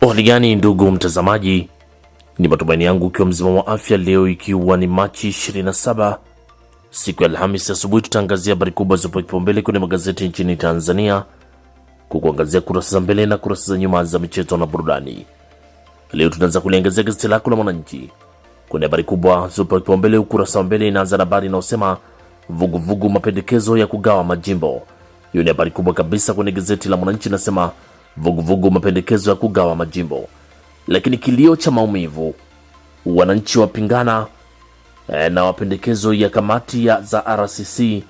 Hali gani ndugu mtazamaji, ni matumaini yangu ukiwa mzima wa afya. Leo ikiwa ni Machi 27 siku ya Alhamisi asubuhi, tutaangazia habari kubwa zipo kipaumbele kwenye magazeti nchini Tanzania, kukuangazia kurasa za mbele na kurasa za nyuma za michezo na burudani. Leo tunaanza kuliangazia gazeti lako la Mwananchi kwenye habari kubwa zipo kipaumbele. Ukurasa wa mbele inaanza na habari inayosema vuguvugu mapendekezo ya kugawa majimbo. Hiyo ni habari kubwa kabisa kwenye gazeti la Mwananchi, nasema vuguvugu mapendekezo ya kugawa majimbo, lakini kilio cha maumivu, wananchi wapingana eh, na mapendekezo ya kamati ya za RCC,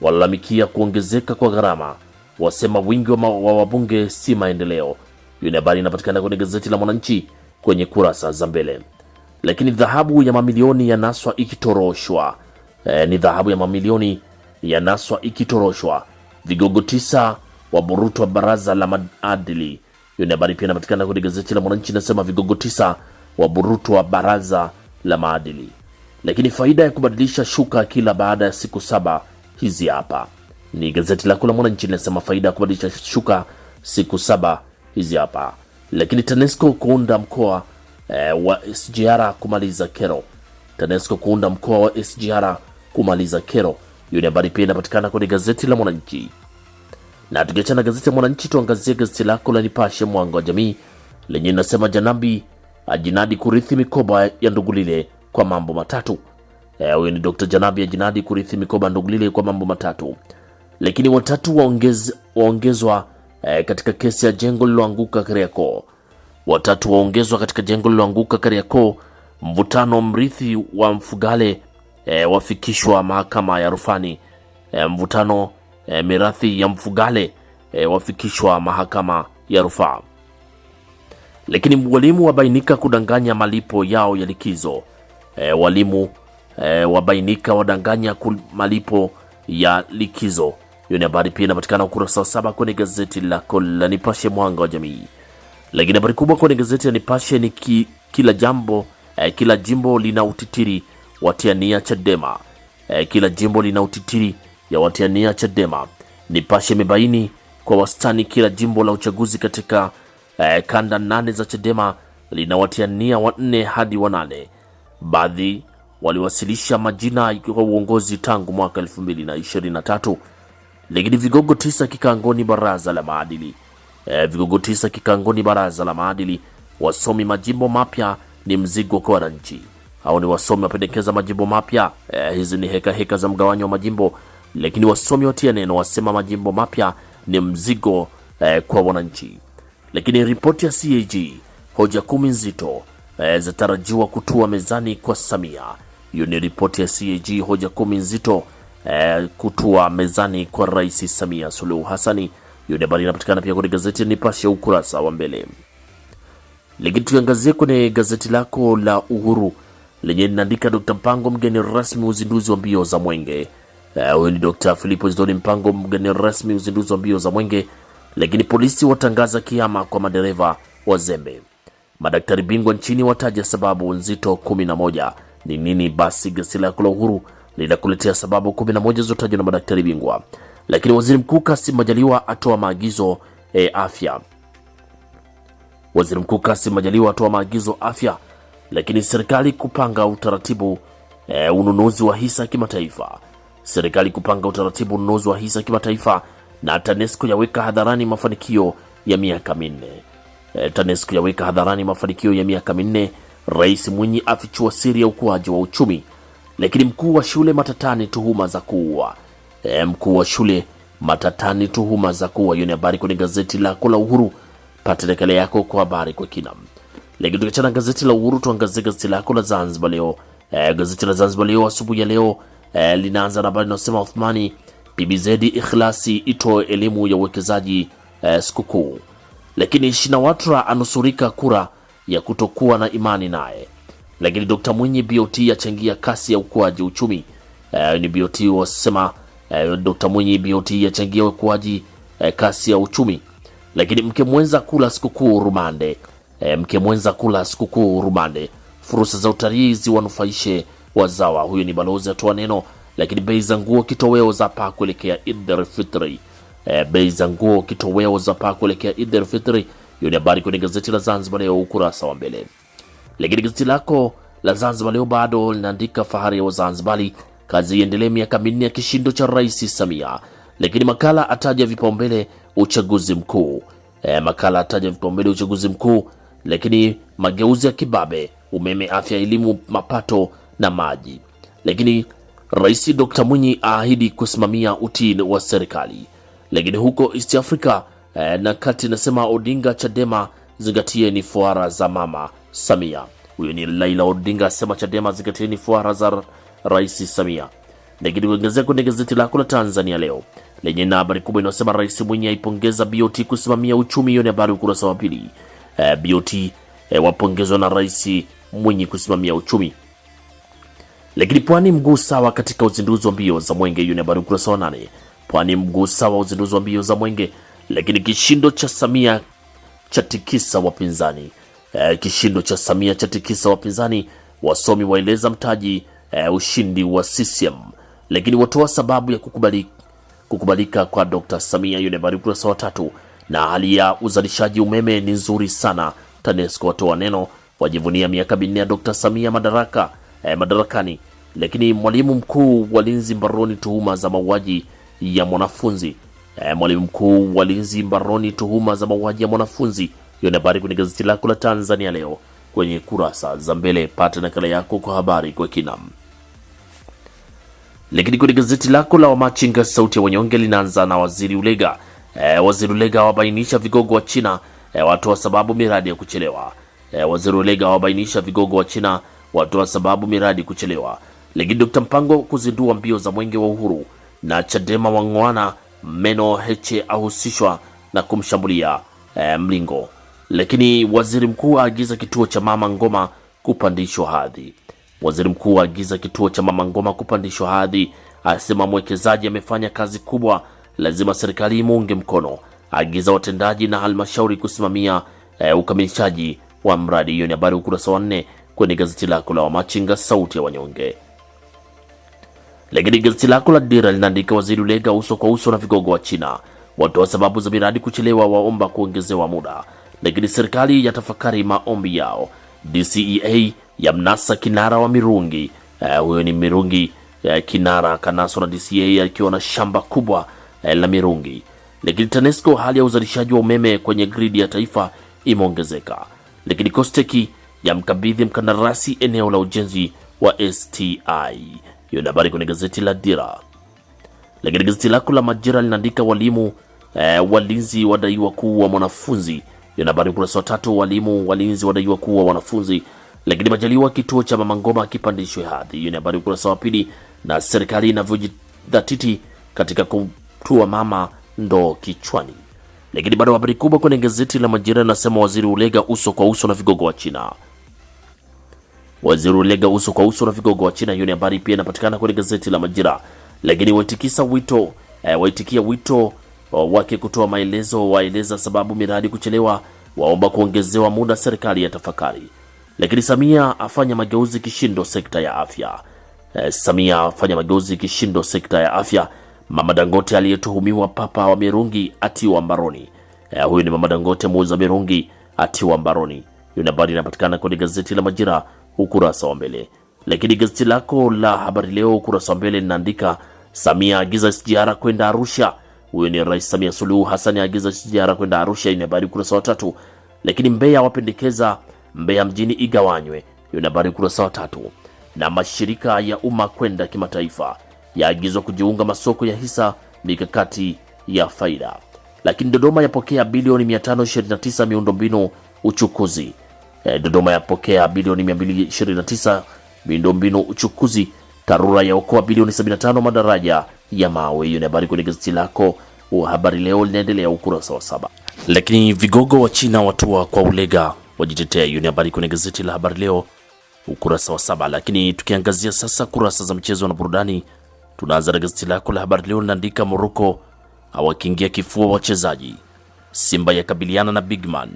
walalamikia kuongezeka kwa gharama, wasema wingi wa wabunge si maendeleo. Hiyo ni habari inapatikana kwenye gazeti la Mwananchi kwenye kurasa za mbele. Lakini dhahabu ya mamilioni ya naswa ikitoroshwa e, ni dhahabu ya mamilioni ya naswa ikitoroshwa. Vigogo tisa wa waburutwa baraza la maadili. Hiyo ni habari pia inapatikana kwenye gazeti la Mwananchi, inasema vigogo tisa wa waburutwa baraza la maadili. Lakini faida ya kubadilisha shuka kila baada ya siku saba, hizi hapa ni gazeti lako la Mwananchi linasema faida ya kubadilisha shuka siku saba, hizi hapa. Lakini TANESCO kuunda mkoa e, wa SGR kumaliza kero. TANESCO kuunda mkoa wa SGR kumaliza kero. Hiyo ni habari pia inapatikana kwenye gazeti la Mwananchi. Na tukiachana gazeti ya Mwananchi, tuangazie gazeti lako la Nipashe Mwanga wa Jamii lenye linasema Janabi ajinadi kurithi mikoba ya Ndugulile kwa mambo matatu. E, Huyu ni Dr. Janabi ajinadi kurithi mikoba ya Ndugulile kwa mambo matatu, lakini watatu waongezwa wa e, katika kesi ya jengo lililoanguka Kariakoo. Watatu waongezwa katika jengo lililoanguka Kariakoo. Mvutano mrithi wa Mfugale e, wafikishwa mahakama ya rufani. E, mvutano e, mirathi ya Mfugale e, wafikishwa mahakama ya rufaa. Lakini walimu wabainika kudanganya malipo yao ya likizo. E, walimu e, wabainika wadanganya malipo ya likizo. Hiyo ni habari pia inapatikana ukurasa wa saba kwenye gazeti lako la Nipashe Mwanga wa Jamii. Lakini habari kubwa kwenye gazeti la Nipashe ni ki, kila jambo e, kila jimbo lina utitiri watiania Chadema e, kila jimbo lina utitiri ya watiania Chadema. Nipashe imebaini kwa wastani kila jimbo la uchaguzi katika eh, kanda nane za Chadema linawatiania wanne hadi wanane. Baadhi waliwasilisha majina kwa uongozi tangu mwaka 2023 lakini vigogo tisa kikangoni baraza la maadili e, vigogo tisa kikangoni baraza la maadili. Wasomi majimbo mapya ni mzigo kwa wananchi. Hao ni wasomi wapendekeza majimbo mapya e, hizi ni heka heka za mgawanyo wa majimbo lakini wasomi watia neno wasema majimbo mapya ni mzigo eh, kwa wananchi. Lakini ripoti ya CAG, hoja kumi nzito eh, zatarajiwa kutua mezani kwa Samia. Hiyo ni ripoti ya CAG, hoja kumi nzito eh, kutua mezani kwa Rais Samia Suluhu Hassani. Hiyo ni habari inapatikana pia kwenye gazeti ya Nipashe ukurasa wa mbele. Lakini tuangazie kwenye gazeti lako la Uhuru lenye linaandika Dr. Mpango mgeni rasmi uzinduzi wa mbio za Mwenge. Eh, huyu ni Dr. Filipo Zidoni Mpango, mgeni rasmi uzinduzi wa mbio za mwenge. Lakini polisi watangaza kiama kwa madereva wa zembe Madaktari bingwa nchini wataja sababu nzito 11. Ni nini basi? Gazeti lako la Uhuru linakuletea sababu 11 zilizotajwa na madaktari bingwa. Lakini waziri mkuu Kassim Majaliwa atoa maagizo e, afya. Waziri mkuu Kassim Majaliwa atoa maagizo afya. Lakini serikali kupanga utaratibu e, ununuzi wa hisa kimataifa serikali kupanga utaratibu ununuzi wa hisa kimataifa, na TANESCO yaweka hadharani mafanikio ya miaka minne. E, TANESCO yaweka hadharani mafanikio ya miaka minne. Rais Mwinyi afichua siri ya ukuaji wa uchumi, lakini mkuu wa shule matatani tuhuma za kuua. E, mkuu wa shule matatani tuhuma za kuua. Hiyo ni habari kwenye gazeti lako la Uhuru, pata nakala yako kwa habari kwa kina. Lakini tukiachana gazeti la Uhuru, tuangazie gazeti lako la Zanzibar Leo. E, gazeti la Zanzibar Leo asubuhi ya leo e, linaanza na habari inayosema Uthmani BBZ ikhlasi itoe elimu ya uwekezaji e, sikukuu, lakini Shinawatra anusurika kura ya kutokuwa na imani naye. Lakini Dr Mwinyi BOT yachangia kasi ya ukuaji uchumi. E, ni BOT wasema e, Dr Mwinyi BOT yachangia ukuaji e, kasi ya uchumi. Lakini mke mwenza kula sikukuu rumande. E, mke mwenza kula sikukuu rumande. Fursa za utalii ziwanufaishe wazawa. Huyu ni balozi atoa neno. Lakini bei za nguo kitoweo za paa kuelekea Eid Fitri. E, bei za nguo kitoweo za paa kuelekea Eid Fitri. Hiyo ni habari kwenye gazeti la Zanzibar Leo ukurasa wa mbele. Lakini gazeti lako la Zanzibar Leo bado linaandika fahari ya Wazanzibari, kazi iendelee miaka minne ya kishindo cha Rais Samia. Lakini makala ataja vipaumbele uchaguzi mkuu. E, makala ataja vipaumbele uchaguzi mkuu. Lakini mageuzi ya kibabe, umeme, afya, elimu, mapato na maji. Lakini Rais Dr. Mwinyi aahidi kusimamia utii wa serikali. Lakini huko East Africa eh, na kati nasema Odinga Chadema zingatieni fuara za Mama Samia. Huyo ni Laila Odinga asema Chadema zingatieni fuara za Rais Samia. Lakini kuongezea kwenye gazeti lako la Tanzania leo lenye na habari kubwa inayosema Rais Mwinyi aipongeza BOT kusimamia uchumi. Hiyo ni habari ukurasa wa pili. Eh, BOT eh, wapongezwa na Rais Mwinyi kusimamia uchumi. Lakini Pwani mguu sawa katika uzinduzi wa mbio za mwenge. Hiyo ni habari ukurasa wa nane. Pwani mguu sawa uzinduzi wa mbio za mwenge, lakini kishindo cha Samia cha tikisa wapinzani. E, kishindo cha Samia cha tikisa wapinzani. Wasomi waeleza mtaji e, ushindi wa CCM, lakini watoa sababu ya kukubali, kukubalika kwa Dr. Samia. Hiyo ni habari ukurasa wa tatu. Na hali ya uzalishaji umeme ni nzuri sana. TANESCO watoa neno wajivunia miaka minne ya Dr. Samia madaraka, e, madarakani lakini mwalimu mkuu walinzi mbaroni tuhuma za mauaji ya mwanafunzi. E, mwalimu mkuu walinzi mbaroni tuhuma za mauaji ya mwanafunzi. Hiyo ni habari kwenye gazeti lako la Tanzania leo kwenye kurasa za mbele, pata nakala yako kwa habari kwa kina. Lakini kwenye gazeti lako la Wamachinga sauti ya wanyonge linaanza na waziri Ulega. E, waziri Ulega wabainisha vigogo wa China e, watoa sababu miradi ya kuchelewa. E, waziri Ulega wabainisha vigogo wa China watoa sababu miradi kuchelewa. Lakini Dkt. Mpango kuzindua mbio za mwenge wa uhuru na Chadema wangwana meno, Heche ahusishwa na kumshambulia eh, Mlingo. Lakini waziri mkuu aagiza kituo cha mama Ngoma kupandishwa hadhi. Waziri mkuu aagiza kituo cha mama Ngoma kupandishwa hadhi, asema mwekezaji amefanya kazi kubwa, lazima serikali imuunge mkono, agiza watendaji na halmashauri kusimamia eh, ukamilishaji wa mradi. Hiyo ni habari ukurasa wa nne kwenye gazeti lako la Wamachinga, sauti ya wanyonge. Lakini gazeti lako la Dira linaandika waziri Ulega uso kwa uso na vigogo wa China, watoa sababu za miradi kuchelewa, waomba kuongezewa muda, lakini serikali yatafakari maombi yao. DCEA yamnasa kinara wa mirungi. eh, huyo ni mirungi eh, kinara kanaso na DCEA akiwa na shamba kubwa eh, la mirungi. Lakini TANESCO, hali ya uzalishaji wa umeme kwenye gridi ya taifa imeongezeka. Lakini Kosteki yamkabidhi mkandarasi eneo la ujenzi wa STI. Hiyo ni habari kwenye gazeti la Dira. Lakini gazeti lako la Majira linaandika walimu eh, walinzi wadaiwa kuua mwanafunzi. Hiyo ni habari ukurasa wa tatu. Walimu walinzi wadaiwa kuua wanafunzi. Lakini Majaliwa kituo cha Mama Ngoma kipandishwe hadhi. Hiyo ni habari ukurasa wa pili. Na serikali inavyojidhatiti katika kumtua mama ndo kichwani. Lakini bado habari kubwa kwenye gazeti la Majira inasema waziri ulega uso kwa uso na vigogo wa China. Waziri ulega uso kwa uso na vigogo wa China. Hiyo ni habari pia inapatikana kwenye gazeti la Majira, lakini waitikisa wito eh, waitikia wito oh, wake kutoa maelezo, waeleza sababu miradi kuchelewa, waomba kuongezewa muda, serikali ya tafakari. Lakini Samia afanya mageuzi kishindo sekta ya afya. Eh, Samia afanya mageuzi kishindo sekta ya afya. Mama Dangote aliyetuhumiwa papa wa mirungi atiwa mbaroni. Eh, huyu ni Mama Dangote muuza mirungi atiwa mbaroni. Hiyo habari inapatikana kwenye gazeti la Majira ukurasa wa mbele. Lakini gazeti lako la Habari Leo ukurasa wa mbele linaandika Samia agiza SGR kwenda Arusha. Huyo ni Rais Samia Suluhu Hassan agiza SGR kwenda Arusha, ni habari ukurasa wa tatu. Lakini Mbeya wapendekeza Mbeya mjini igawanywe, hiyo ni habari ukurasa wa tatu. Na mashirika ya umma kwenda kimataifa yaagizwa kujiunga masoko ya hisa, mikakati ya faida. Lakini Dodoma yapokea bilioni 529 miundombinu uchukuzi Eh, Dodoma yapokea bilioni 229 miundombinu uchukuzi, TARURA yaokoa bilioni 75 madaraja ya mawe. Hiyo ni habari kwenye gazeti lako Habari Leo linaendelea ukurasa wa saba. Lakini vigogo wa China watua kwa ulega wajitetea. Hiyo ni habari kwenye gazeti la Habari Leo ukurasa wa saba. Lakini tukiangazia sasa kurasa za michezo na burudani, tunaanza na gazeti lako la Habari Leo linaandika Moroko hawakiingia kifua wachezaji, Simba yakabiliana na Bigman,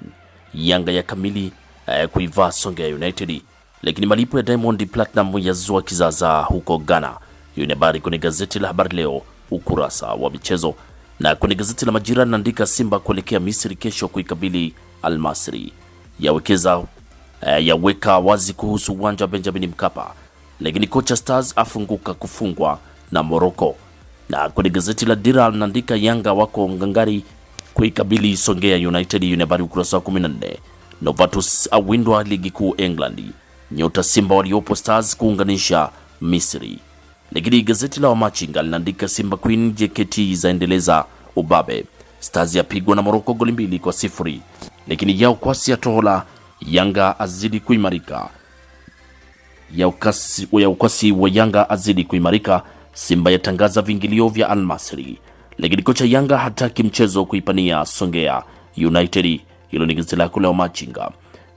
Yanga ya kamili eh, kuivaa Songea United, lakini malipo ya Diamond Platinum yazua kizaza huko Ghana. Hiyo ni habari kwenye gazeti la Habari Leo ukurasa wa michezo, na kwenye gazeti la Majira naandika Simba kuelekea Misri kesho kuikabili Almasri, yawekeza eh, yaweka wazi kuhusu uwanja wa Benjamin Mkapa, lakini kocha Stars afunguka kufungwa na Morocco na kwenye gazeti la Dira linaandika Yanga wako ngangari kuikabili Songea United. Hiyo habari ukurasa wa 14. Novatus awindwa ligi kuu England, nyota Simba waliopo Stars kuunganisha Misri. Lakini gazeti la Wamachinga linaandika Simba Queen JKT zaendeleza ubabe, Stars yapigwa na Moroko goli mbili kwa sifuri. Lakini yao kwasi ya tohola Yanga azidi kuimarika, ya ukwasi wa Yanga azidi kuimarika. Simba yatangaza vingilio vya Almasri, lakini kocha Yanga hataki mchezo kuipania Songea United. Hilo ni gazeti lako la machinga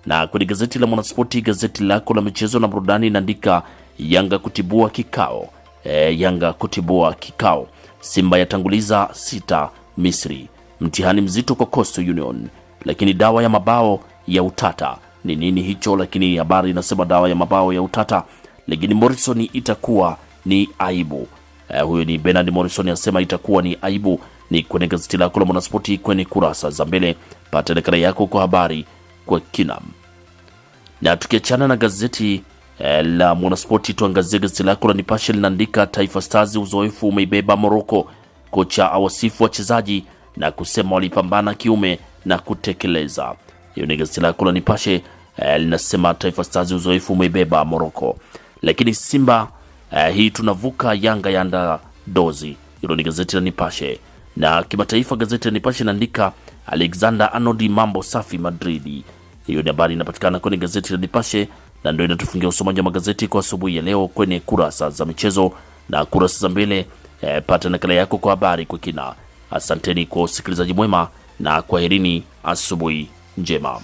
na kwenye gazeti la Mwanaspoti, gazeti lako la michezo na burudani inaandika Yanga kutibua kikao e, Yanga kutibua kikao, Simba yatanguliza sita Misri, mtihani mzito kwa Coastal Union, lakini dawa ya mabao ya utata ni nini hicho? Lakini habari inasema dawa ya mabao ya utata, lakini Morrison itakuwa ni aibu. E, huyo ni Bernard Morrison asema itakuwa ni aibu ni kwenye gazeti lako la Mwanaspoti kwenye kurasa za mbele. Pata nakala yako kwa habari kwa kina. Na tukiachana na gazeti eh, la Mwanaspoti, tuangazie gazeti lako la Nipashe linaandika Taifa Stars, uzoefu umeibeba Moroko. Kocha awasifu wachezaji na kusema walipambana kiume na kutekeleza. Hiyo ni gazeti lako la Nipashe eh, linasema Taifa Stars, uzoefu umeibeba Moroko. Lakini Simba eh, hii tunavuka Yanga yanda dozi. Hilo ni gazeti la Nipashe. Na kimataifa, gazeti ya Nipashe inaandika Alexander Arnold mambo safi Madridi. Hiyo ni habari inapatikana kwenye gazeti la Nipashe na ndio inatufungia usomaji wa magazeti kwa asubuhi ya leo kwenye kurasa za michezo na kurasa za mbele. E, pata nakala yako kwa habari kwa kina. Asanteni kwa usikilizaji mwema na kwaherini, asubuhi njema.